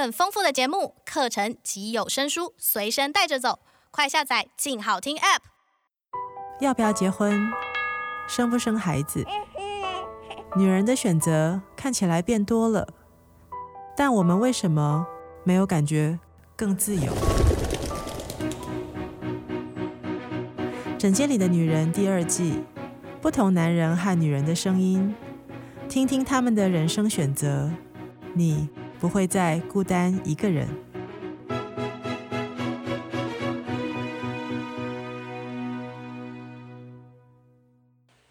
更豐富的節目、課程及有聲書隨身帶着走，快下載“靜好聽 ”App。要不要結婚？生不生孩子？女人的選擇看起來變多了，但我們為什麼沒有感覺更自由？《診間裡的女人》第二季，不同男人和女人的聲音，聽聽他們的人生選擇，你，不會再孤單一個人。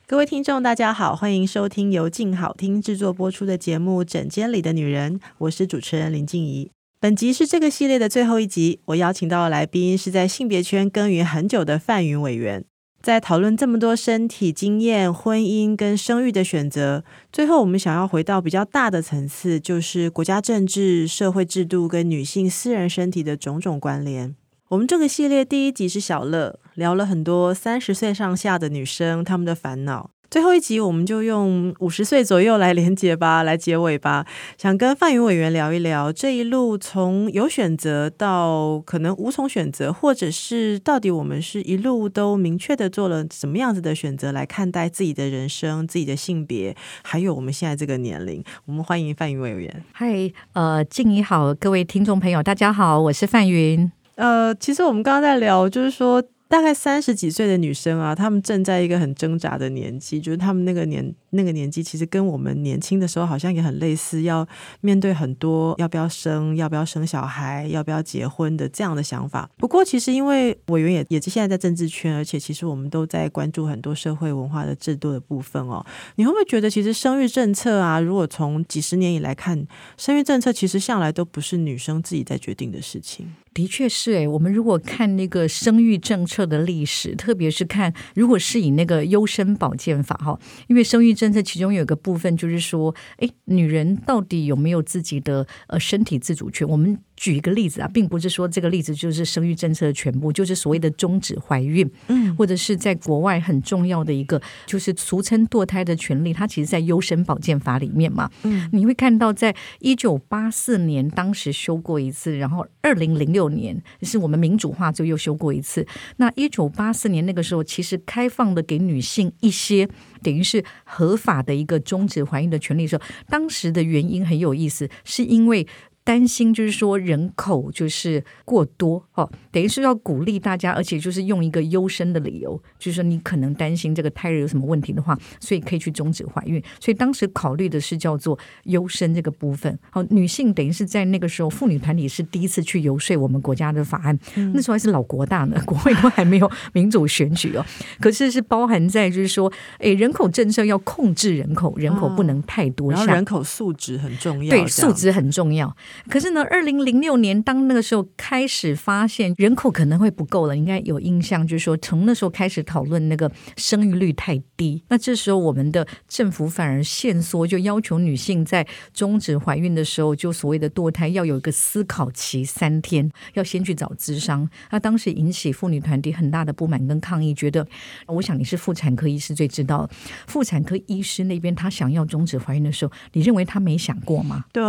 各位聽眾，大家好，歡迎收聽由靜好聽制作播出的節目《診間裡的女人》，我是主持人林靜儀。本集是這個系列的最後一集，我邀請到的來賓是在性別圈耕耘很久的范雲委員。在討論這麼多身體經驗、婚姻跟生育的選擇，最後我們想要回到比較大的層次，就是國家政治、社會制度跟女性私人身體的種種關聯。我們這個系列第一集是小樂聊了很多三十歲上下的女生她們的煩惱。最後一集，我們就用五十歲左右來連結吧，來結尾吧。想跟范雲委員聊一聊這一路，從有選擇到可能無從選擇，或者是到底我們是一路都明確的做了什麼樣子的選擇來看待自己的人生、自己的性別，還有我們現在這個年齡。我們歡迎范雲委員。嗨，呃，靜儀好，各位聽眾朋友，大家好，我是范雲。呃，其實我們剛剛在聊，就是說。大概三十幾歲的女生啊，她們正在一個很掙扎的年紀，就是她們那個年那個年紀，其實跟我們年輕的時候好像也很類似，要面對很多要不要生、要不要生小孩、要不要結婚的這樣的想法。不過，其實因為委員也也是現在在政治圈，而且其實我們都在關注很多社會文化的制度的部分哦。你會不會覺得，其實生育政策啊，如果從幾十年以來看，生育政策其實向來都不是女生自己在決定的事情？的確是誒，我們如果看那個生育政策的歷史，特別是看如果是以那個優生保健法哈，因為生育政策其中有一個部分就是說，誒，女人到底有沒有自己的呃身體自主權，我們。舉一個例子啊，並不是說這個例子就是生育政策的全部，就是所謂的終止懷孕，嗯，或者是在國外很重要的一個，就是俗稱墮胎的權利，它其實，在優生保健法裡面嘛，嗯，你會看到，在一九八四年當時修過一次，然後二零零六年是我們民主化就又修過一次。那一九八四年那個時候，其實開放的給女性一些，等於是合法的一個終止懷孕的權利的時候，當時的原因很有意思，是因為。擔心就是說人口就是過多，好，等於是要鼓勵大家，而且就是用一個優生的理由，就是說你可能擔心這個胎兒有什麼問題的話，所以可以去終止懷孕。所以當時考慮的是叫做優生這個部分。好，女性等於是在那個時候，婦女團體是第一次去游說我們國家的法案。嗯、那時候還是老國大呢，國會都還沒有民主選舉哦。 可是是包含在就是說，誒、欸，人口政策要控制人口，人口不能太多，嗯。然後人口素質很，很重要，對，素質很重要。可是呢，二零零六年，當那個時候開始發現人口可能會不夠了，應該有印象，就是說從那時候開始討論那個生育率太低。那這時候我們的政府反而限縮，就要求女性在終止懷孕的時候，就所謂的墮胎要有一個思考期三天，要先去找諮商。那當時引起婦女團體很大的不滿跟抗議，覺得我想你是婦產科醫師最知道，婦產科醫師那邊他想要終止懷孕的時候，你認為他沒想過嗎？對，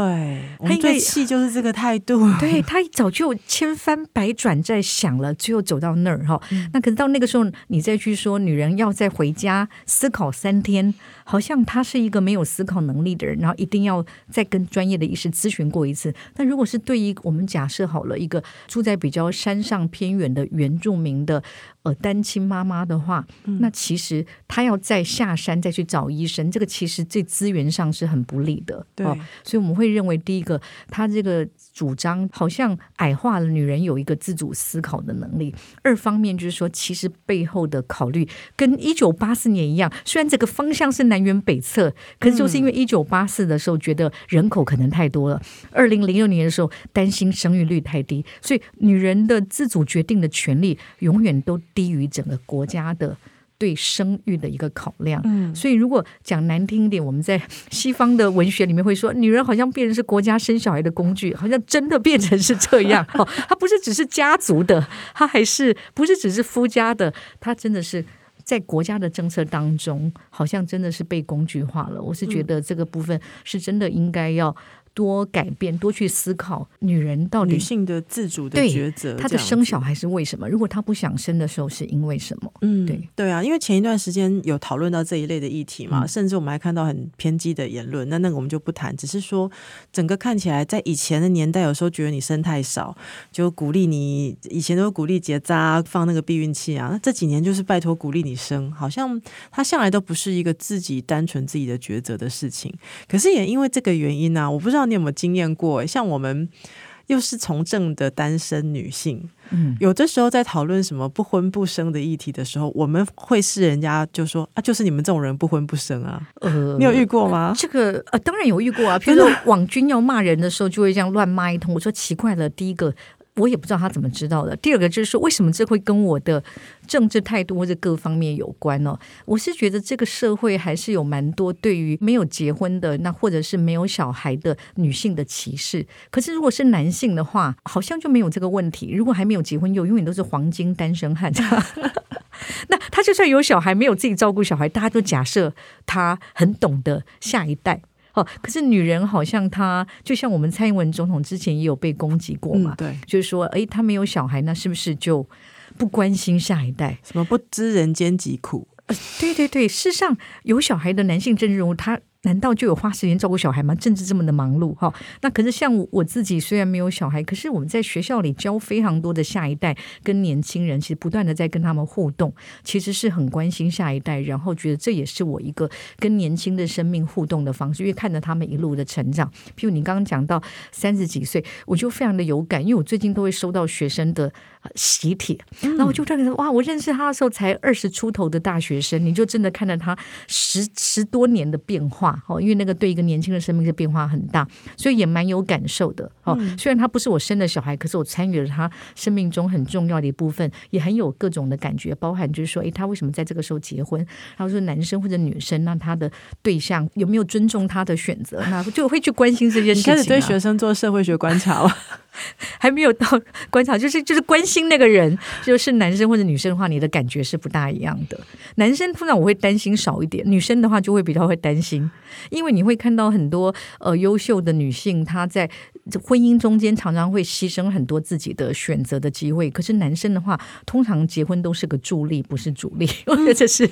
他應該。就是這個態度， 對，他早就千翻百轉在想了，最後走到那兒哈。嗯、那可能到那個時候，你再去說女人要再回家思考三天，好像他是一個沒有思考能力的人，然後一定要再跟專業的醫師諮詢過一次。但如果是對於我們假設好了，一個住在比較山上偏遠的原住民的呃單親媽媽的話，嗯、那其實她要再下山再去找醫生，這個其實這資源上是很不利的。對，所以我們會認為第一個，他這個主張好像矮化了女人有一個自主思考的能力；二方面就是說，其實背後的考慮跟一九八四年一樣，雖然這個方向是男。原北側，可是就是因為一九八四的時候覺得人口可能太多了，二零零六年的時候擔心生育率太低，所以女人的自主決定的權利永遠都低於整個國家的對生育的一個考量。所以如果講難聽一點，我們在西方的文學裡面會說，女人好像變成是國家生小孩的工具，好像真的變成是這樣。 她不是只是家族的，她還是不是只是夫家的，她真的是。在國家的政策當中，好像真的是被工具化了。我是覺得這個部分是真的應該要多改變，多去思考，女人到女性的自主的抉擇，她的生小孩是為什麼？如果她不想生的時候，是因為什麼？嗯，對，對啊，因為前一段時間有討論到這一類的議題嘛，啊、甚至我們還看到很偏激的言論。那那個我們就不談，只是說，整個看起來，在以前的年代，有時候覺得你生太少，就鼓勵你，以前都鼓勵結紮、啊、放那個避孕器啊。那這幾年就是拜托鼓勵你生，好像她向來都不是一個自己單純自己的抉擇的事情。可是也因為這個原因呢、啊，我不知道。你有沒有經驗過？像我們又是從政的單身女性，嗯，有的時候在討論什麼不婚不生的議題的時候，我們會是人家就說啊，就是你們這種人不婚不生啊。呃、你有遇過嗎？呃、這個呃，當然有遇過啊。譬如說網軍要罵人的時候，就會這樣亂罵一通。 我說奇怪了，第一個。我也不知道他怎麼知道的。第二個就是說，為什麼這會跟我的政治態度或者各方面有關呢？哦，我是覺得這個社會還是有蠻多對於沒有結婚的那或者是沒有小孩的女性的歧視。可是如果是男性的話，好像就沒有這個問題。如果還沒有結婚，又永遠都是黃金單身漢。 那他就算有小孩，沒有自己照顧小孩，大家都假設他很懂得下一代。哦，可是女人好像她，就像我們蔡英文總統之前也有被攻擊過嘛，嗯、對就是說，哎，她沒有小孩，那是不是就不關心下一代？什麼不知人間疾苦、呃？對對對，事實上有小孩的男性政治人物他、她難道就有花時間照顧小孩嗎？政治這麼的忙碌，哈，那可是像我自己雖然沒有小孩，可是我們在學校裡教非常多的下一代，跟年輕人其實不斷的在跟他們互動，其實是很關心下一代，然後覺得這也是我一個跟年輕的生命互動的方式，因為看着他們一路的成長。比如你剛剛講到三十幾歲，我就非常的有感，因為我最近都會收到學生的喜帖，嗯，然後我就覺得，哇，我認識他的時候才二十出頭的大學生，你就真的看着他十十多年的變化。因為那個對一個年輕的生命的變化很大，所以也蠻有感受的。嗯，雖然他不是我生的小孩，可是我參與了他生命中很重要的一部分，也很有各種的感覺，包含就是說，哎，他為什麼在這個時候結婚？然後說男生或者女生，那他的對象有沒有尊重他的選擇？那就會去關心這件事情啊。開始 對學生做社會學觀察了。 還沒有到觀察，就是就是關心那個人，就是男生或者女生的話，你的感覺是不大一樣的。男生通常我會擔心少一點，女生的話就會比較會擔心，因為你會看到很多呃優秀的女性，她在。婚姻中間常常會犧牲很多自己的選擇的機會。可是男生的話，通常結婚都是個助力，不是主力。我覺得這是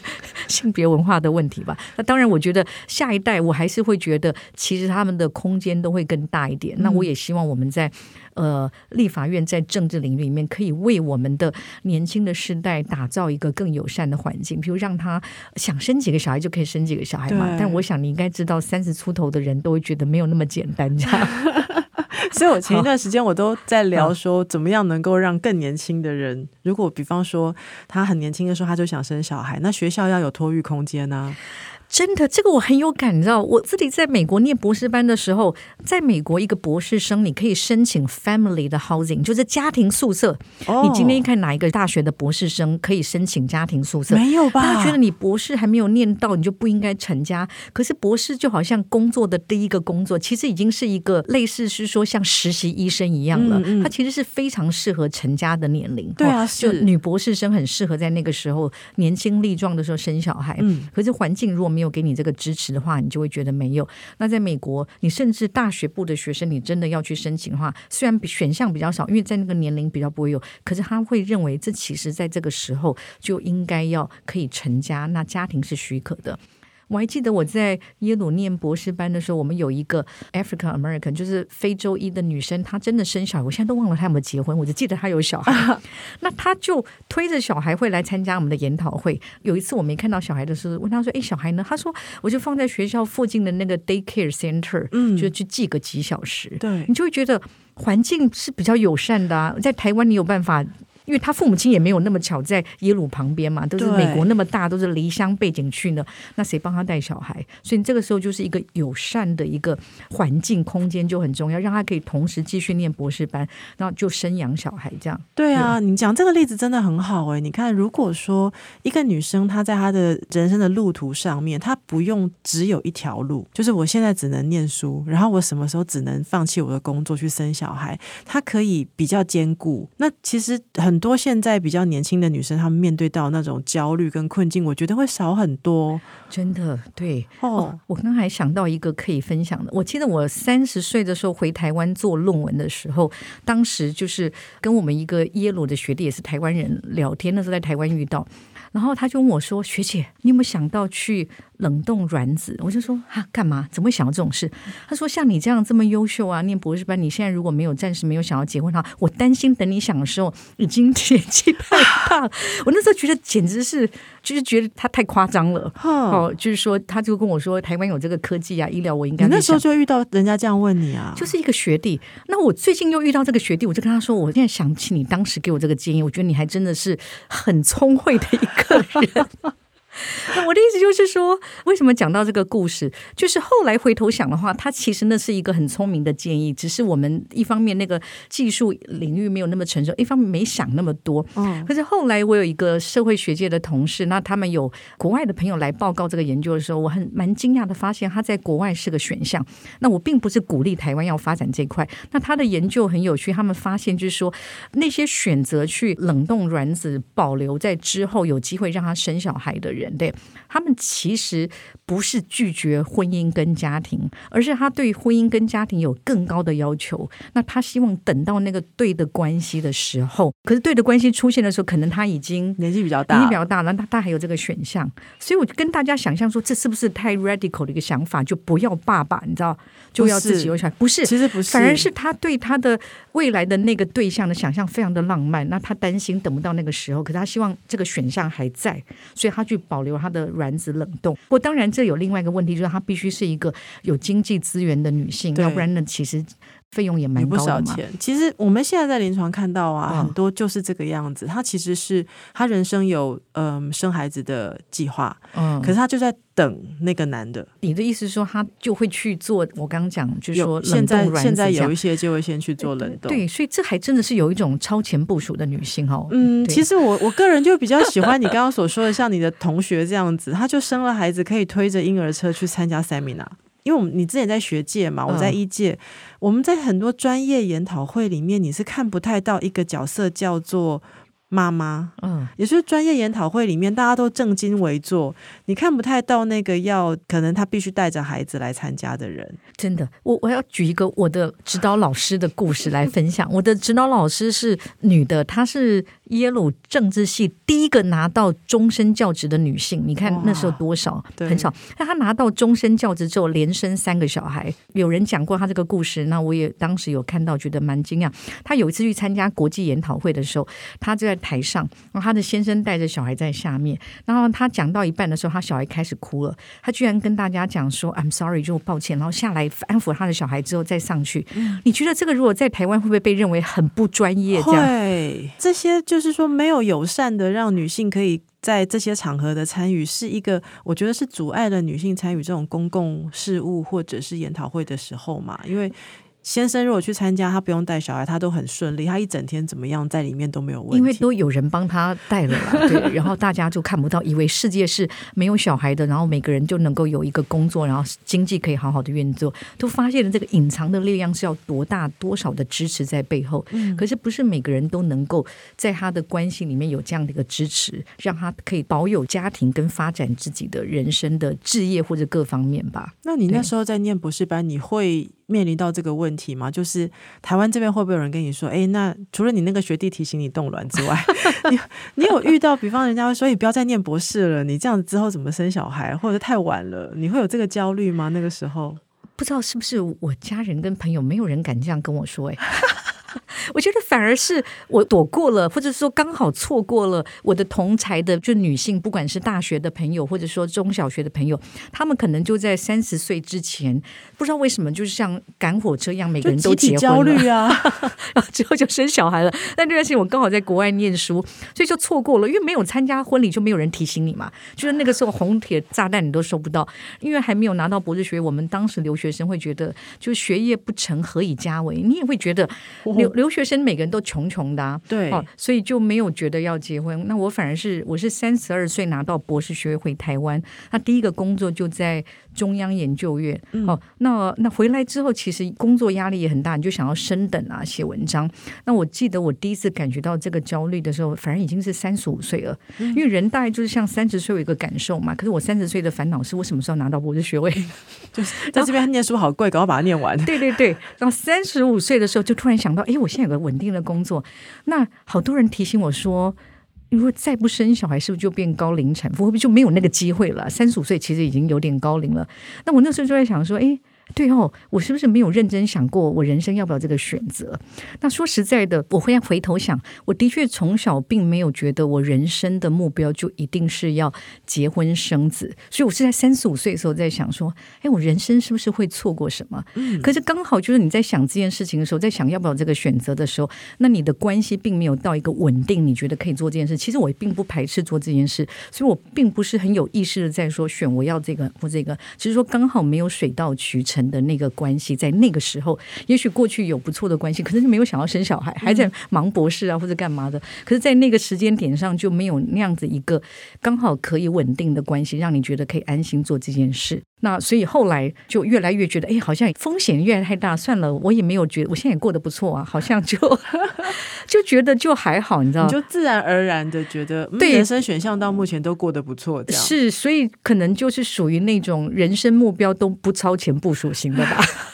性別文化的問題吧。那當然，我覺得下一代我還是會覺得，其實他們的空間都會更大一點。那我也希望我們在呃立法院、在政治領域裡面，可以為我們的年輕的世代打造一個更友善的環境，比如讓他想生幾個小孩就可以生幾個小孩嘛。對但我想你應該知道，三十出頭的人都會覺得沒有那麼簡單這樣。 所以，我前一段時間我都在聊說，怎麼樣能夠讓更年輕的人，如果比方說他很年輕的時候他就想生小孩，那學校要有托育空間呢、啊？真的，這個我很有感到，我自己在美國念博士班的時候，在美國一個博士生，你可以申請 family 的 housing，就是家庭宿舍。Oh, 你今天一看，哪一個大學的博士生可以申請家庭宿舍？沒有吧？他覺得你博士還沒有念到，你就不應該成家。可是博士就好像工作的第一個工作，其實已經是一個類似是說像實習醫生一樣了。嗯嗯。他其實是非常適合成家的年齡。對啊，是。就女博士生很適合在那個時候年輕力壯的時候生小孩。嗯。可是環境如果沒沒有給你這個支持的話，你就會覺得沒有。那在美國，你甚至大學部的學生，你真的要去申請的話，雖然選項比較少，因為在那個年齡比較不會有，可是他會認為這其實在這個時候就應該要可以成家，那家庭是許可的。我還記得我在耶魯念博士班的時候，我們有一個 African American，就是非洲裔的女生，她真的生小孩，我現在都忘了她有沒有結婚，我就記得她有小孩。 那她就推着小孩會來參加我們的研討會。有一次我沒看到小孩的時候，問她說：“誒、欸，小孩呢？”她說：“我就放在學校附近的那個 daycare center，嗯，就去寄個幾小時。嗯”對，你就會覺得環境是比較友善的啊。在台灣，你有辦法。因為他父母親也沒有那麼巧在耶魯旁邊嘛，都是美國那麼大，對都是離鄉背景去的，那誰幫他帶小孩？所以這個時候就是一個友善的一個環境空間就很重要，讓他可以同時繼續念博士班，然後就生養小孩這樣。對啊，對吧你講這個例子真的很好欸！你看，如果說一個女生她在她的人生的路途上面，她不用只有一條路，就是我現在只能念書，然後我什麼時候只能放棄我的工作去生小孩，她可以比較兼顧。那其實很。很多現在比較年輕的女生，她們面對到那種焦慮跟困境，我覺得會少很多。真的，對哦，oh, oh, 我剛才想到一個可以分享的。我記得我三十歲的時候回台灣做論文的時候，當時就是跟我們一個耶魯的學弟也是台灣人聊天，那時候在台灣遇到，然後他就問我說：“學姐，你有沒有想到去？”冷凍卵子，我就說啊，幹嘛？怎麼會想到這種事？他說：“像你這樣這麼優秀啊，念博士班，你現在如果沒有暫時沒有想要結婚的話，我擔心等你想的時候已經年紀太大了。我那時候覺得簡直是，就是覺得他太誇張了。呵哦，就是說，他就跟我說：“台灣有這個科技啊，醫療，我應該那時候就遇到人家這樣問你啊，就是一個學弟。那我最近又遇到這個學弟，我就跟他說，我現在想起你當時給我這個建議，我覺得你還真的是很聰慧的一個人。” 那我的意思就是說，為什麼講到這個故事？就是後來回頭想的話，他其實那是一個很聰明的建議，只是我們一方面那個技術領域沒有那麼成熟，一方面沒想那麼多。可是後來我有一個社會學界的同事，那他們有國外的朋友來報告這個研究的時候，我很蠻驚訝的發現他在國外是個選項。那我並不是鼓勵台灣要發展這塊。那他的研究很有趣，他們發現就是說，那些選擇去冷凍卵子保留在之後有機會讓他生小孩的人。對，他們其實不是拒絕婚姻跟家庭，而是他對婚姻跟家庭有更高的要求。那他希望等到那個對的關係的時候，可是對的關係出現的時候，可能他已經年紀比較大，年紀比較大了，那他，他還有這個選項。所以我就跟大家想象說，這是不是太 radical 的一個想法？就不要爸爸，你知道，就要自己留下。不是，不是，其實不是，反而是他對他的未來的那個對象的想象非常的浪漫。那他擔心等不到那個時候，可是他希望這個選項還在，所以他去保。保留她的卵子冷凍，不過當然這有另外一個問題，就是她必須是一個有經濟資源的女性，對要不然呢，其實。費用也蠻高嘛，不少錢，其實我們現在在臨床看到啊，嗯、很多就是這個樣子。他其實是他人生有嗯、呃、生孩子的計劃，嗯，可是他就在等那個男的。你的意思是說，他就會去做？我剛剛講就是說，現在現在有一些就會先去做冷凍。哎，對，對，所以這還真的是有一種超前部署的女性哦，嗯，其實我我個人就比較喜歡你剛剛所說的， 像你的同學這樣子，她就生了孩子，可以推着嬰兒車去參加 seminar。因為我們你之前在學界嘛，我在醫界，嗯、我們在很多專業研討會裡面，你是看不太到一個角色叫做媽媽，嗯，也就是專業研討會裡面大家都正襟危坐，你看不太到那個要可能他必須帶着孩子來參加的人。真的，我我要舉一個我的指導老師的故事來分享。 我的指導老師是女的，她是。耶魯政治系第一個拿到終身教職的女性，你看那時候多少很少。那她拿到終身教職之後，連生三個小孩。有人講過她這個故事，那我也當時有看到，覺得蠻驚訝。她有一次去參加國際研討會的時候，她就在台上，然後她的先生帶着小孩在下面。然後她講到一半的時候，她小孩開始哭了，她居然跟大家講說：“I'm sorry，就抱歉。”然後下來安撫她的小孩之後，再上去。嗯、你覺得這個如果在台灣會不會被認為很不專業？這樣對這些就是。就是說，沒有友善的讓女性可以在這些場合的參與，是一個我覺得是阻礙了女性參與這種公共事務或者是研討會的時候嘛，因為。先生如果去參加，他不用帶小孩，他都很順利。他一整天怎麼樣，在裡面都沒有問題，因為都有人幫他帶了嘛。對， 然後大家就看不到，以為世界是沒有小孩的，然後每個人就能夠有一個工作，然後經濟可以好好的運作。都發現了這個隱藏的力量是要多大多少的支持在背後。嗯，可是不是每個人都能夠在他的關係裡面有這樣的一個支持，讓他可以保有家庭跟發展自己的人生的職業或者各方面吧？那你那時候在念博士班，對你會面臨到這個問題？題嗎？就是台灣這邊會不會有人跟你說，哎、欸，那除了你那個學弟提醒你凍卵之外， 你你有遇到，比方人家說，你不要再念博士了，你這樣子之後怎麼生小孩，或者太晚了，你會有這個焦慮嗎？那個時候不知道是不是我家人跟朋友，沒有人敢這樣跟我說、欸。 我覺得反而是我躲過了，或者說剛好錯過了我的同儕的就是女性，不管是大學的朋友，或者說中小學的朋友，她們可能就在三十歲之前，不知道為什麼就是像趕火車一樣，每個人都結婚了，就集體焦慮啊，然後之後就生小孩了。但這段時間我剛好在國外念書，所以就錯過了，因為沒有參加婚禮就沒有人提醒你嘛。就是那個時候紅帖炸彈你都收不到，因為還沒有拿到博士學位，我們當時留學生會覺得就學業不成何以家為，你也會覺得。留留學生每個人都窮窮的啊，對，所以就沒有覺得要結婚。那我反而是我是三十二歲拿到博士學位回台灣，那第一個工作就在。中央研究院好、嗯哦，那那回來之後，其實工作壓力也很大，你就想要升等啊，寫文章。那我記得我第一次感覺到這個焦慮的時候，反而已經是三十五歲了，嗯、因為人大概就是像三十歲有一個感受嘛。可是我三十歲的煩惱是我什麼時候拿到博士學位？ 就是在這邊念書好貴，趕快把它念完。對對對，然後三十五歲的時候就突然想到，哎、欸，我現在有個穩定的工作。那好多人提醒我說。如果再不生小孩，是不是就變高齡產婦？會不會就沒有那個機會了？三十五歲其實已經有點高齡了。那我那時候就在想說，誒、欸。對哦，我是不是沒有認真想過我人生要不要這個選擇？那說實在的，我回回頭想，我的確從小並沒有覺得我人生的目標就一定是要結婚生子，所以我是在三十五歲的時候在想說，哎，我人生是不是會錯過什麼？嗯，可是剛好就是你在想這件事情的時候，在想要不要這個選擇的時候，那你的關係並沒有到一個穩定，你覺得可以做這件事。其實我也並不排斥做這件事，所以我並不是很有意識的在說選我要這個或這個。只是說剛好沒有水到渠成。的那個關係，在那個時候，也許過去有不錯的關係，可是你沒有想要生小孩，還在忙博士啊或者幹嘛的。可是，在那個時間點上，就沒有那樣子一個剛好可以穩定的關係，讓你覺得可以安心做這件事。那所以後來就越來越覺得，哎，好像風險越來越大，算了，我也沒有覺得，得我現在也過得不錯啊，好像就 就覺得就還好，你知道嗎？你就自然而然的覺得，對人生選項到目前都過得不錯，的是，所以可能就是屬於那種人生目標都不超前部署型的吧。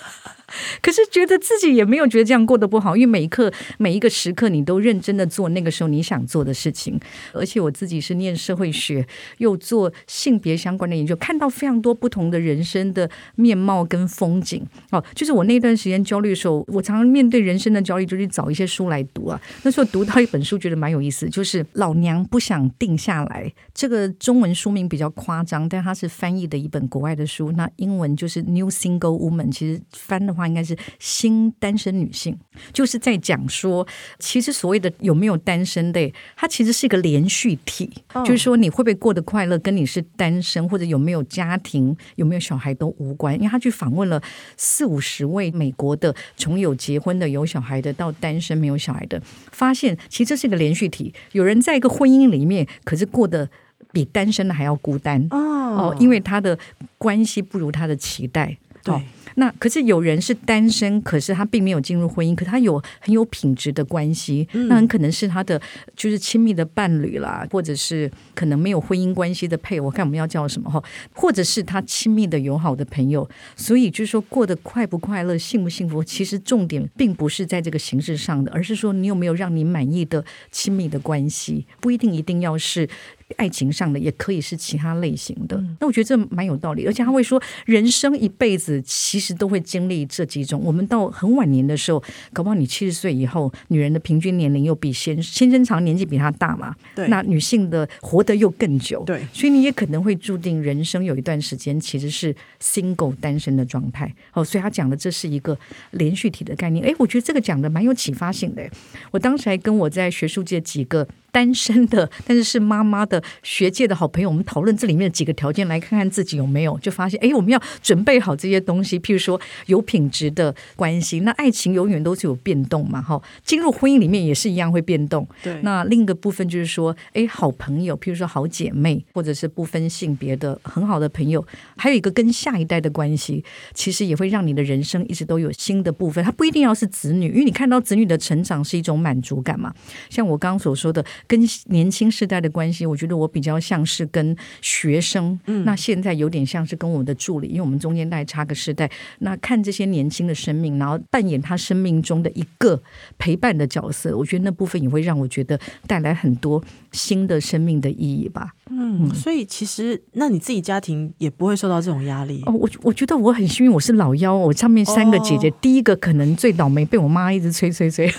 可是覺得自己也沒有覺得這樣過得不好，因為每一刻、每一個時刻，你都認真的做那個時候你想做的事情。而且我自己是念社會學，又做性別相關的研究，看到非常多不同的人生的面貌跟風景。哦，就是我那段時間焦慮的時候，我常常面對人生的焦慮，就去找一些書來讀啊。那時候讀到一本書，覺得蠻有意思，就是《老娘不想定下來》。這個中文書名比較誇張，但它是翻譯的一本國外的書，那英文就是《New Single Woman》，其實翻的話。應該是新單身女性，就是在講說，其實所謂的有沒有單身的，它其實是一個連續體。Oh. 就是說，你會不會過得快樂，跟你是單身或者有沒有家庭、有沒有小孩都無關。因為他去訪問了四五十位美國的，從有結婚的、有小孩的到單身沒有小孩的，發現其實這是一個連續體。有人在一個婚姻裡面，可是過得比單身的還要孤單哦，oh. 因為他的關係不如他的期待。Oh. 對。那可是有人是單身，可是他並沒有進入婚姻，可他有很有品質的關係，那很可能是他的就是親密的伴侶啦，或者是可能沒有婚姻關係的配偶，我看我們要叫什麼哈，或者是他親密的友好的朋友。所以就是說，過得快不快樂，幸不幸福，其實重點並不是在這個形式上的，而是說你有沒有讓你滿意的親密的關係，不一定一定要是。愛情上的也可以是其他類型的，嗯、那我覺得這蠻有道理，而且他會說，人生一輩子其實都會經歷這幾種。我們到很晚年的時候，搞不好你七十歲以後，女人的平均年齡又比先先生長，年紀比她大嘛。對。那女性的活得又更久，對。所以你也可能會注定人生有一段時間其實是 single 單身的狀態。好、哦，所以他講的這是一個連續體的概念。哎，我覺得這個講的蠻有啟發性的。我當時還跟我在學術界幾個。單身的，但是是媽媽的學界的好朋友，我們討論這裡面幾個條件，來看看自己有沒有，就發現，哎，我們要準備好這些東西，譬如說有品質的關係。那愛情永遠都是有變動嘛，哈、哦，進入婚姻裡面也是一樣會變動。對。那另一個部分就是說，哎，好朋友，譬如說好姐妹，或者是不分性別的很好的朋友，還有一個跟下一代的關係，其實也會讓你的人生一直都有新的部分。它不一定要是子女，因為你看到子女的成長是一種滿足感嘛。像我剛剛所說的。跟年輕世代的關係，我覺得我比較像是跟學生。嗯，那現在有點像是跟我們的助理，因為我們中間帶差個世代。那看這些年輕的生命，然後扮演他生命中的一個陪伴的角色，我覺得那部分也會讓我覺得帶來很多新的生命的意義吧。嗯，嗯，所以其實那你自己家庭也不會受到這種壓力。哦、我我覺得我很幸運，我是老幺、哦，我上面三個姐姐，哦、第一個可能最倒霉，被我媽一直催催催。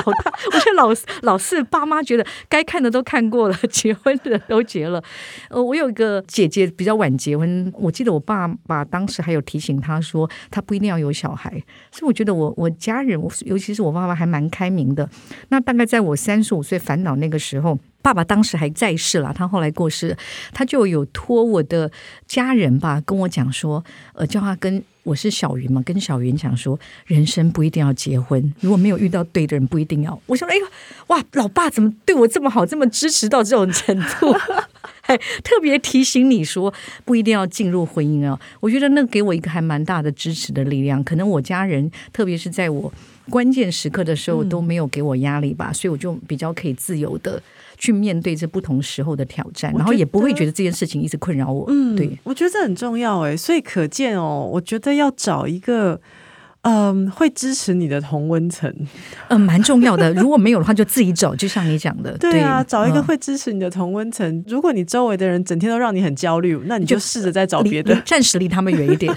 老大， 我覺得老老是爸媽覺得該看的都看過了，結婚的都結了。呃、哦，我有一個姐姐比較晚結婚，我記得我爸爸當時還有提醒她說，她不一定要有小孩。所以我覺得我我家人，尤其是我爸爸，還蠻開明的。那大概在我三十五歲煩惱那個時候。爸爸當時還在世了，他後來過世，他就有托我的家人吧，跟我講說，呃，叫他跟我是小雲嘛，跟小雲講說，人生不一定要結婚，如果沒有遇到對的人，不一定要。我說，哎呦，哇，老爸怎麼對我這麼好，這麼支持到這種程度？還 特別提醒你說，不一定要進入婚姻啊。我覺得那給我一個還蠻大的支持的力量。可能我家人，特別是在我關鍵時刻的時候，都沒有給我壓力吧，嗯、所以我就比較可以自由的。去面對這不同時候的挑戰，然後也不會覺得這件事情一直困擾我。嗯、對，我覺得這很重要哎、欸，所以可見哦，我覺得要找一個。嗯，會支持你的同溫層，嗯，蠻重要的。如果沒有的話，就自己找， 就像你講的，對，對啊，找一個會支持你的同溫層。嗯，如果你周圍的人整天都讓你很焦慮，那你就試着再找別的，暫時離他們遠一點。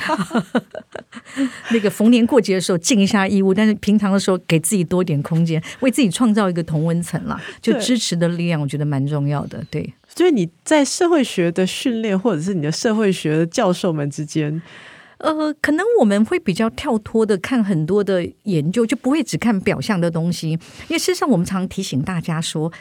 那個逢年過節的時候盡一下義務，但是平常的時候給自己多一點空間，為自己創造一個同溫層啦。就支持的力量，我覺得蠻重要的。對，對，所以你在社會學的訓練，或者是你的社會學的教授們之間。呃，可能我們會比較跳脫的看很多的研究，就不會只看表象的東西。因為事實上我們常提醒大家說。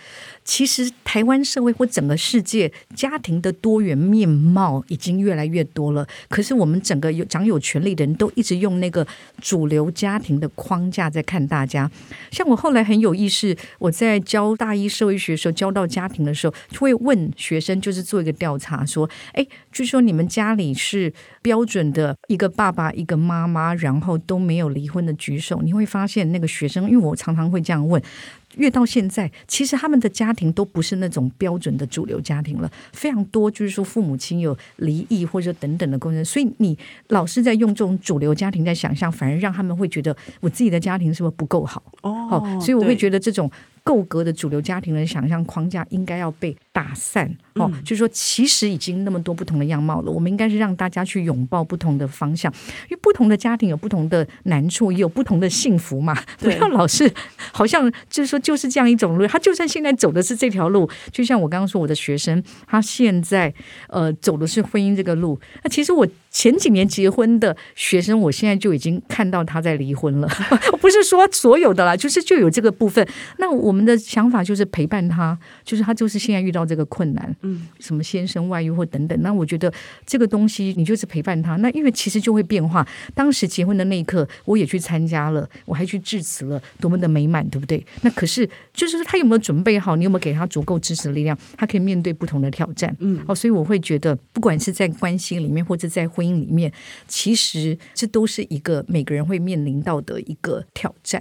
其實，台灣社會或整個世界家庭的多元面貌已經越來越多了。可是，我們整個有掌有權利的人都一直用那個主流家庭的框架在看大家。像我後來很有意思，我在教大一社會學的時候，教到家庭的時候，就會問學生，就是做一個調查，說：“誒，據說你們家裡是標準的一個爸爸、一個媽媽，然後都沒有離婚的，舉手。”你會發現那個學生，因為我常常會這樣問。越到現在，其實他們的家庭都不是那種標準的主流家庭了，非常多就是說父母親有離異或者等等的工人，所以你老是在用這種主流家庭在想象，反而讓他們會覺得，我自己的家庭是不是不夠好？Oh, 哦，所以我會覺得這種夠格的主流家庭的想象框架應該要被打散哦，就是說，其實已經那麼多不同的樣貌了，嗯、我們應該是讓大家去擁抱不同的方向，因為不同的家庭有不同的難處，也有不同的幸福嘛。對 不要老是好像就是說就是這樣一種路，他就算現在走的是這條路，就像我剛剛說，我的學生他現在呃走的是婚姻這個路，那其實我前幾年結婚的學生，我現在就已經看到他在離婚了。 我不是說所有的啦，就是就有這個部分。那我們的想法就是陪伴他，就是他就是現在遇到。這個困難，嗯，什麼先生外遇或等等，那我覺得這個東西你就是陪伴他，那因為其實就會變化。當時結婚的那一刻，我也去參加了，我還去致辭了，多麼的美滿，對不對？那可是就是他有沒有準備好？你有沒有給他足夠支持的力量？他可以面對不同的挑戰，嗯，哦，所以我會覺得，不管是在關係裡面或者在婚姻裡面，其實這都是一個每個人會面臨到的一個挑戰。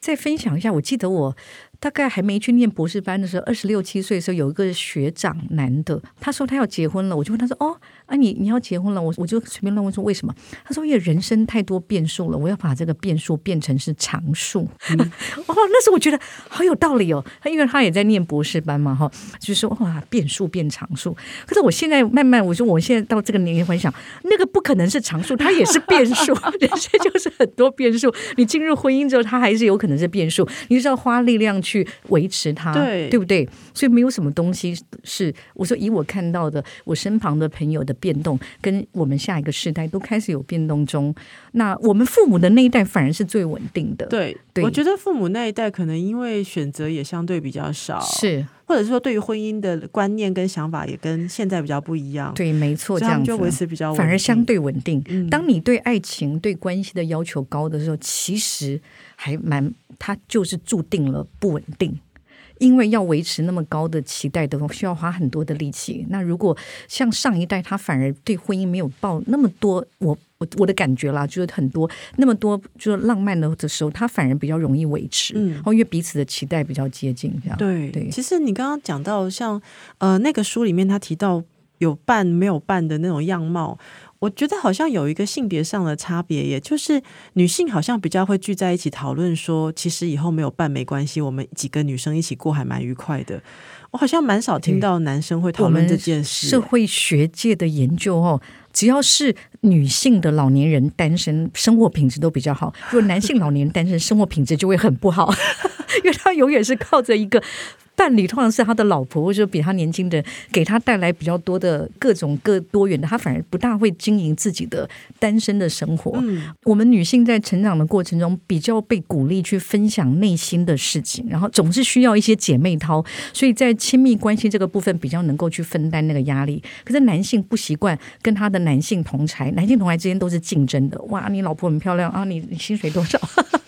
再分享一下，我記得我。大概還沒去念博士班的時候，二十六七歲的時候，有一個學長男的，他說他要結婚了，我就問他說，哦，啊你你要結婚了，我我就隨便亂問說為什麼？他說，因為人生太多變數了，我要把這個變數變成是常數、嗯啊。哦，那時候我覺得好有道理哦，他因為他也在念博士班嘛，哈、哦，就說哇、哦、變數變常數。可是我現在慢慢，我說我現在到這個年齡，回想那個不可能是常數，他也是變數， 人生就是很多變數。你進入婚姻之後，他還是有可能是變數，你是要花力量去。去維持它，對，對不對？所以沒有什麼東西是我說以我看到的，我身旁的朋友的變動，跟我們下一個世代都開始有變動中。那我們父母的那一代反而是最穩定的。對，對我覺得父母那一代可能因為選擇也相對比較少，是或者是說對於婚姻的觀念跟想法也跟現在比較不一樣。對，沒錯，這樣就維持比較穩，反而相對穩定。嗯，當你對愛情對關係的要求高的時候，其實。還蠻，他就是注定了不穩定，因為要維持那麼高的期待的話，需要花很多的力氣。那如果像上一代，他反而對婚姻沒有抱那麼多，我我我的感覺啦，就是很多那麼多就是浪漫的的時候，他反而比較容易維持，嗯，然後因為彼此的期待比較接近，這樣對。對，其實你剛剛講到像，像呃那個書裡面他提到。有伴沒有伴的那種樣貌，我覺得好像有一個性別上的差別，也就是女性好像比較會聚在一起討論說，其實以後沒有伴沒關係，我們幾個女生一起過還蠻愉快的。我好像蠻少聽到男生會討論這件事。嗯，社會學界的研究哦，只要是女性的老年人單身，生活品質都比較好；如果男性老年人單身， 生活品質就會很不好，因為他永遠是靠着一個。伴侶通常是他的老婆，或者說比他年輕的人，給他帶來比較多的各種各多元的。他反而不大會經營自己的單身的生活。嗯、我們女性在成長的過程中，比較被鼓勵去分享內心的事情，然後總是需要一些姐妹淘，所以在親密關係這個部分比較能夠去分擔那個壓力。可是男性不習慣跟他的男性同儕，男性同儕之間都是競爭的。哇，你老婆很漂亮啊，你你薪水多少？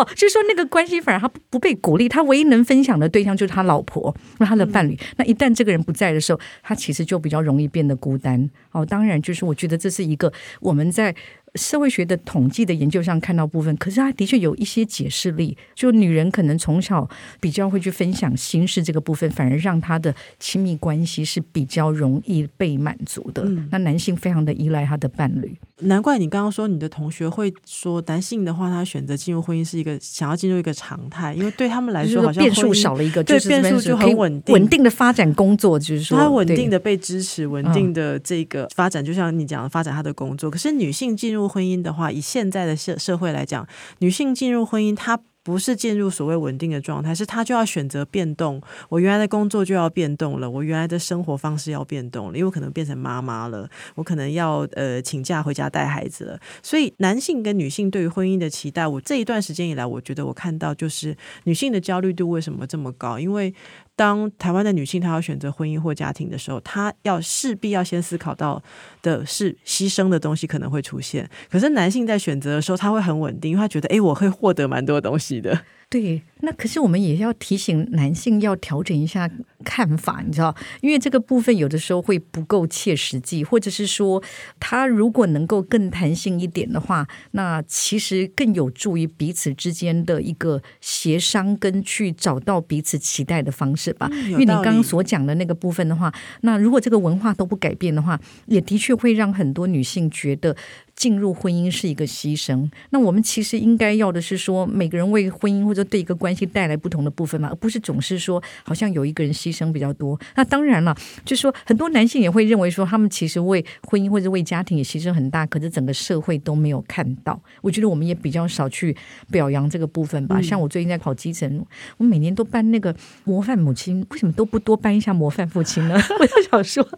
哦、就是說，那個關係反而他不被鼓勵，他唯一能分享的對象就是他老婆，那他的伴侶。嗯、那一旦這個人不在的時候，他其實就比較容易變得孤單。哦，當然，就是我覺得這是一個我們在。社會學的統計的研究上看到部分，可是他的確有一些解釋力。就女人可能從小比較會去分享心事這個部分，反而讓他的親密關係是比較容易被滿足的。嗯、那男性非常的依賴他的伴侶，難怪你剛剛說你的同學會說，男性的話他選擇進入婚姻是一個想要進入一個常態，因為對他們來說好像變數少了一個就是，對，變數就很穩定，穩定的發展工作就是說他穩定的被支持，對穩定的這個發展，就像你講的發展他的工作。可是女性進入婚姻的話，以現在的社社會來講，女性進入婚姻，她不是進入所謂穩定的狀態，是她就要選擇變動。我原來的工作就要變動了，我原來的生活方式要變動了，因為我可能變成媽媽了，我可能要呃請假回家帶孩子了。所以，男性跟女性對於婚姻的期待，我這一段時間以來，我覺得我看到就是女性的焦慮度為什麼這麼高？因為當台灣的女性她要選擇婚姻或家庭的時候，她要勢必要先思考到的是犧牲的東西可能會出現。可是男性在選擇的時候，他會很穩定，因為他覺得，誒、欸，我會獲得蠻多東西的。對，那可是我們也要提醒男性要調整一下看法，你知道，因為這個部分有的時候會不夠切實際，或者是說他如果能夠更彈性一點的話，那其實更有助於彼此之間的一個協商跟去找到彼此期待的方式吧。因為、嗯、你剛剛所講的那個部分的話，那如果這個文化都不改變的話，也的確會讓很多女性覺得。進入婚姻是一個犧牲，那我們其實應該要的是說，每個人為婚姻或者對一個關係帶來不同的部分嘛，而不是總是說好像有一個人犧牲比較多。那當然了，就是說很多男性也會認為說，他們其實為婚姻或者為家庭也犧牲很大，可是整個社會都沒有看到。我覺得我們也比較少去表揚這個部分吧。嗯、像我最近在跑基層，我每年都頒那個模範母親，為什麼都不多頒一下模範父親呢？ 我就想說。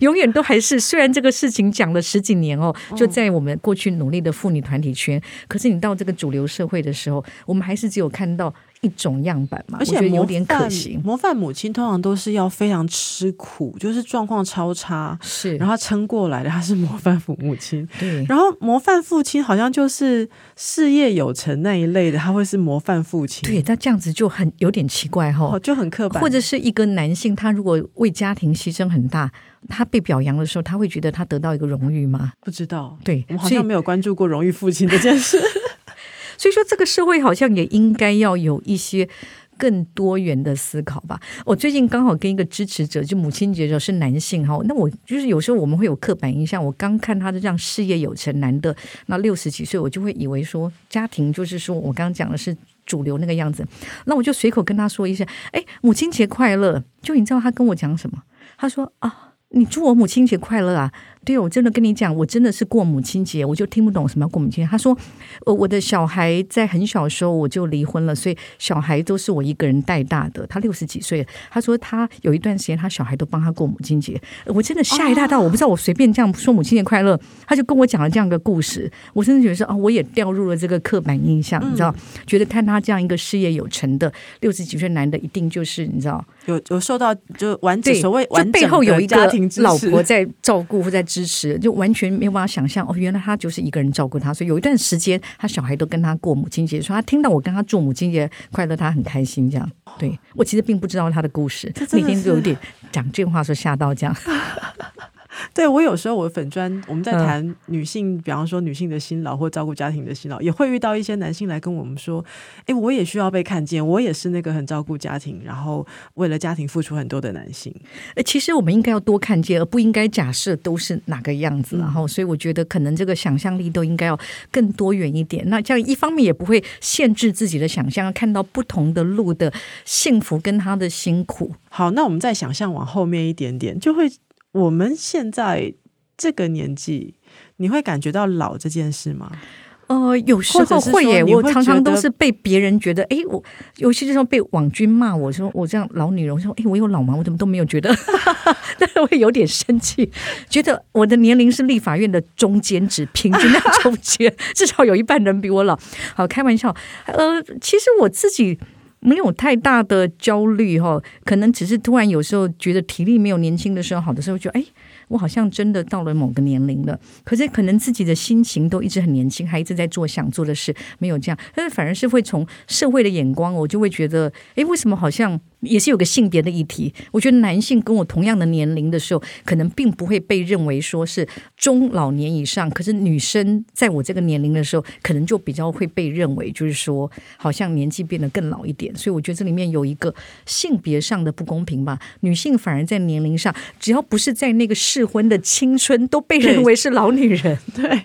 永遠都還是，雖然這個事情講了十幾年哦，就在我們過去努力的婦女團體圈，可是你到這個主流社會的時候，我們還是只有看到。一種樣板嘛，而且模範有點可行，模範母親通常都是要非常吃苦，就是狀況超差，是然後撐過來的，他是模範父母親。對，然後模範父親好像就是事業有成那一類的，他會是模範父親。對，那這樣子就很有點奇怪哈、哦哦，就很刻板。或者是一個男性，他如果為家庭犧牲很大，他被表揚的時候，他會覺得他得到一個榮譽嗎？不知道，對我好像沒有關注過榮譽父親這件事。所以 所以說，這個社會好像也應該要有一些更多元的思考吧。我最近剛好跟一個支持者，就母親節的時候是男性哈，那我就是有時候我們會有刻板印象。我剛看他的這樣事業有成男的，那六十幾歲，我就會以為說家庭就是說我剛剛講的是主流那個樣子。那我就隨口跟他說一下：哎，母親節快樂。就你知道他跟我講什麼？他說啊、哦，你祝我母親節快樂啊。對，我真的跟你講，我真的是過母親節，我就聽不懂什麼過母親節。他說、呃，我的小孩在很小的時候我就離婚了，所以小孩都是我一個人帶大的。他六十幾歲，他說他有一段時間他小孩都幫他過母親節，我真的嚇一大跳。我不知道我隨便這樣說母親節快樂，哦、他就跟我講了這樣一個故事，我真的覺得說啊、哦，我也掉入了這個刻板印象，嗯、你知道，覺得看他這樣一個事業有成的六十幾歲男的，一定就是你知道，有有受到就完整所謂完整家庭就背後有一個老婆在照顧或在。 支持，就完全沒有辦法想象哦，原來他就是一個人照顧他，所以有一段時間他小孩都跟他過母親節，說他聽到我跟他祝母親節快樂，他很開心這樣。對，我其實並不知道他的故事，哦、每天就有點講這話說，嚇到這樣。 對我有時候，我粉專，我們在談女性，嗯、比方說女性的辛勞或照顧家庭的辛勞，也會遇到一些男性來跟我們說：“哎，我也需要被看見，我也是那個很照顧家庭，然後為了家庭付出很多的男性。”哎，其實我們應該要多看見，而不應該假設都是哪個樣子。然後、嗯，所以我覺得可能這個想象力都應該要更多元一點。那這樣一方面也不會限制自己的想象，看到不同的路的幸福跟他的辛苦。好，那我們再想象往後面一點點，就會。我們現在這個年紀，你會感覺到老這件事嗎？呃，有時候會耶、欸，會我常常都是被別人覺得，哎、欸，我有些時候被網軍罵我說我這樣老女人，我說哎、欸，我有老嗎？我怎麼都沒有覺得， 但是我有點生氣，覺得我的年齡是立法院的中間值，平均的中間， 至少有一半人比我老。好開玩笑，呃，其實我自己。沒有太大的焦慮哈，可能只是突然有時候覺得體力沒有年輕的時候好的時候，覺得哎，我好像真的到了某個年齡了。可是可能自己的心情都一直很年輕，還一直在做想做的事，沒有這樣。但是反而是會從社會的眼光，我就會覺得，哎，為什麼好像？也是有個性別的議題，我覺得男性跟我同樣的年齡的時候，可能並不會被認為說是中老年以上，可是女生在我這個年齡的時候，可能就比較會被認為就是說好像年紀變得更老一點，所以我覺得這裡面有一個性別上的不公平吧。女性反而在年齡上，只要不是在那個適婚的青春，都被認為是老女人。對。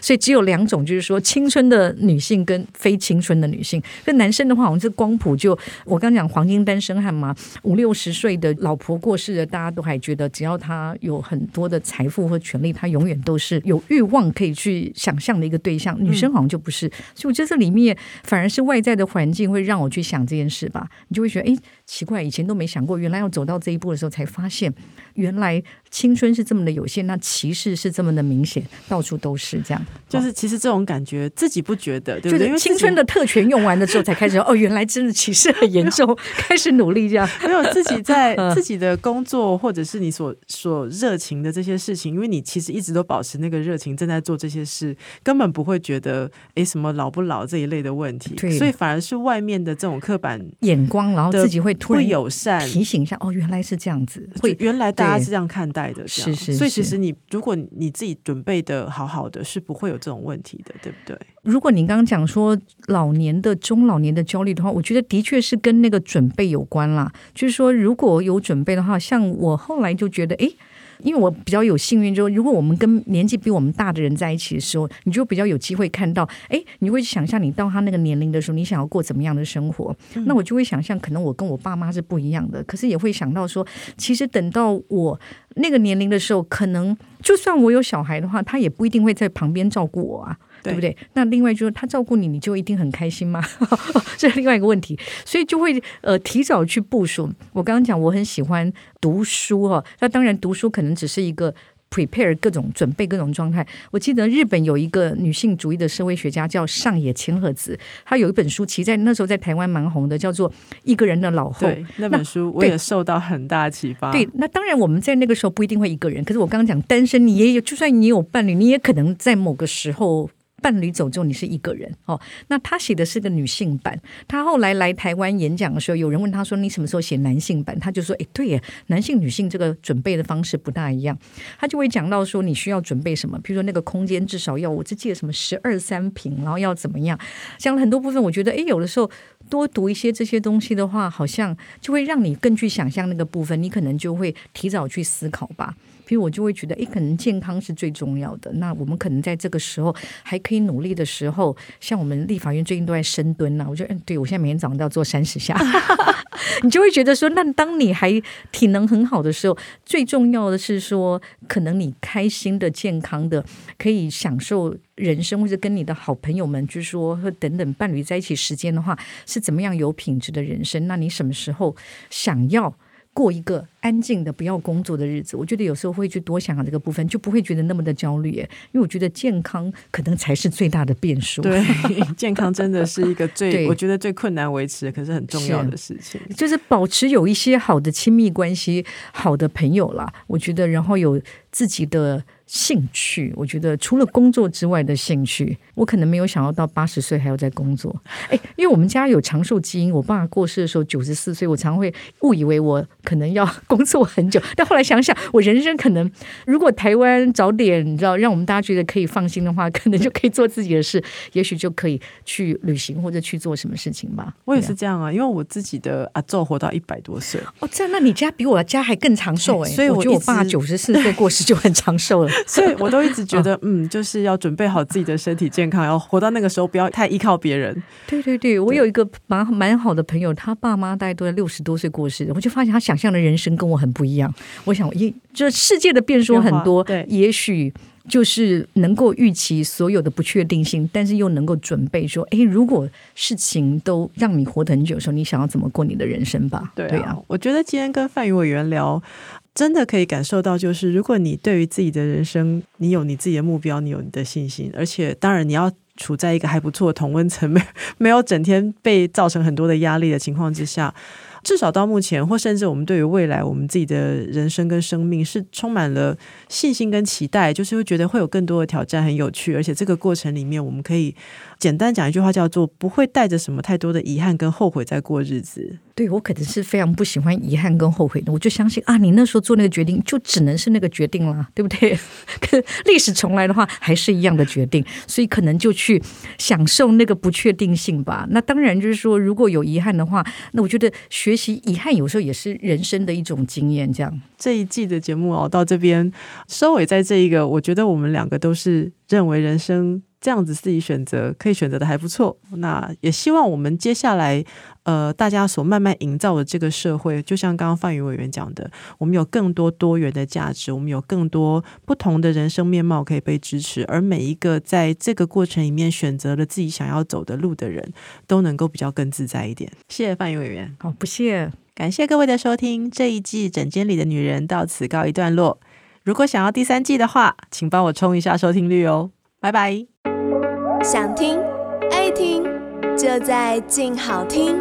所以只有兩種，就是說青春的女性跟非青春的女性。那男生的話，我們這光譜就我剛講黃金單身漢嘛，五六十歲的老婆過世了，大家都還覺得只要他有很多的財富或權力，他永遠都是有慾望可以去想象的一個對象。女生好像就不是，嗯、所以我覺得這裡面反而是外在的環境會讓我去想這件事吧。你就會覺得哎，奇怪，以前都沒想過，原來要走到這一步的時候才發現，原來青春是這麼的有限，那歧視是這麼的明顯，到處都是。這樣就是，其實這種感覺自己不覺得，對不對？因為青春的特權用完了之後，才開始 哦，原來真的歧視很嚴重， 開始努力這樣。沒有自己在自己的工作，或者是你所所熱情的這些事情，因為你其實一直都保持那個熱情，正在做這些事，根本不會覺得哎什麼老不老這一類的問題。對，所以反而是外面的這種刻板眼光，然後自己會推，友善提醒一下會哦，原來是這樣子，會原來大家是這樣看待的，對樣是，是是。所以其實你如果你自己準備的好好的是，不會有這種問題的，對不對？如果你剛剛講說老年的、中老年的焦慮的話，我覺得的確是跟那個準備有關啦。就是說，如果有準備的話，像我後來就覺得，誒。因為我比較有幸運，就如果我們跟年紀比我們大的人在一起的時候，你就比較有機會看到，誒，你會想象你到他那個年齡的時候，你想要過怎麼樣的生活？嗯、那我就會想象，可能我跟我爸媽是不一樣的，可是也會想到說，其實等到我那個年齡的時候，可能就算我有小孩的話，他也不一定會在旁邊照顧我啊。對不對？那另外就是他照顧你，你就一定很開心嗎？這、 哦、是另外一個問題，所以就會呃提早去部署。我剛剛講我很喜歡讀書哦。那當然讀書可能只是一個 prepare 各種準備各種狀態。我記得日本有一個女性主義的社會學家叫上野千鶴子，她有一本書，其實在那時候在台灣蠻紅的，叫做《一個人的老後》對那，那本書，我也受到很大啟發。對。對，那當然我們在那個時候不一定會一個人，可是我剛剛講單身，你也有，就算你有伴侶，你也可能在某個時候。伴侶走之後，你是一個人哦。那他寫的是個女性版。他後來來台灣演講的時候，有人問他說：“你什麼時候寫男性版？”他就說：“哎、欸，對呀，男性、女性這個準備的方式不大一樣。”他就會講到說：“你需要準備什麼？譬如說那個空間，至少要我只記得什麼十二三坪，然後要怎麼樣？”講了很多部分，我覺得，哎、欸，有的時候。多讀一些這些東西的話，好像就會讓你更去想象那個部分，你可能就會提早去思考吧。比如我就會覺得，誒，可能健康是最重要的。那我們可能在這個時候還可以努力的時候，像我們立法院最近都在深蹲吶、啊。我覺得，嗯，對，我現在每天早上都要做三十下。 你就會覺得說，那當你還體能很好的時候，最重要的是說，可能你開心的、健康的，可以享受人生，或者跟你的好朋友們，就是說和等等伴侶在一起時間的話，是怎麼樣有品質的人生？那你什麼時候想要過一個安靜的、不要工作的日子，我覺得有時候會去多想想這個部分，就不會覺得那麼的焦慮耶。因為我覺得健康可能才是最大的變數。對，健康真的是一個最， 對我覺得最困難維持的，可是很重要的事情。就是保持有一些好的親密關係、好的朋友啦，我覺得，然後有。自己的興趣，我覺得除了工作之外的興趣，我可能沒有想要到八十歲還要再工作誒。因為我們家有長壽基因，我爸過世的時候九十四歲，我常會誤以為我可能要工作很久，但後來想想，我人生可能如果台灣早點，你知道，讓我們大家覺得可以放心的話，可能就可以做自己的事，也許就可以去旅行或者去做什麼事情吧。我也是這樣啊，啊因為我自己的阿祖活到一百多歲哦，這樣，那你家比我家還更長壽哎、欸，所以我，我覺得我爸九十四歲過世。 就很長壽了， 所以我都一直覺得， 嗯，就是要準備好自己的身體健康， 要活到那個時候，不要太依靠別人。對對對，對我有一個蠻蠻好的朋友，他爸媽大概都在六十多歲過世，我就發現他想象的人生跟我很不一樣。我想，一這世界的變數很多，對，也許就是能夠預期所有的不確定性，但是又能夠準備說，哎，如果事情都讓你活得很久的時候，你想要怎麼過你的人生吧？對呀、啊，對啊、我覺得今天跟范雲委員聊。真的可以感受到，就是如果你對於自己的人生，你有你自己的目標，你有你的信心，而且當然你要處在一個還不錯的同溫層，沒有整天被造成很多的壓力的情況之下，至少到目前，或甚至我們對於未來我們自己的人生跟生命是充滿了信心跟期待，就是會覺得會有更多的挑戰很有趣，而且這個過程裡面我們可以。簡單講一句話叫做不會帶着什麼太多的遺憾跟後悔在過日子。對，我可能是非常不喜歡遺憾跟後悔的，我就相信啊，你那時候做那個決定就只能是那個決定了，對不對？可歷史重來的話還是一樣的決定，所以可能就去享受那個不確定性吧。那當然就是說，如果有遺憾的話，那我覺得學習遺憾有時候也是人生的一種經驗。這樣這一季的節目哦，到這邊收尾，在這一個，我覺得我們兩個都是認為人生。這樣子自己選擇，可以選擇的還不錯。那也希望我們接下來，呃，大家所慢慢營造的這個社會，就像剛剛范雲委員講的，我們有更多多元的價值，我們有更多不同的人生面貌可以被支持，而每一個在這個過程裡面選擇了自己想要走的路的人，都能夠比較更自在一點。謝謝范雲委員，好、oh, 不謝，感謝各位的收聽，這一季《診間裡的女人》到此告一段落。如果想要第三季的話，請幫我衝一下收聽率哦。拜拜！Bye bye 想聽愛聽，就在靜好聽。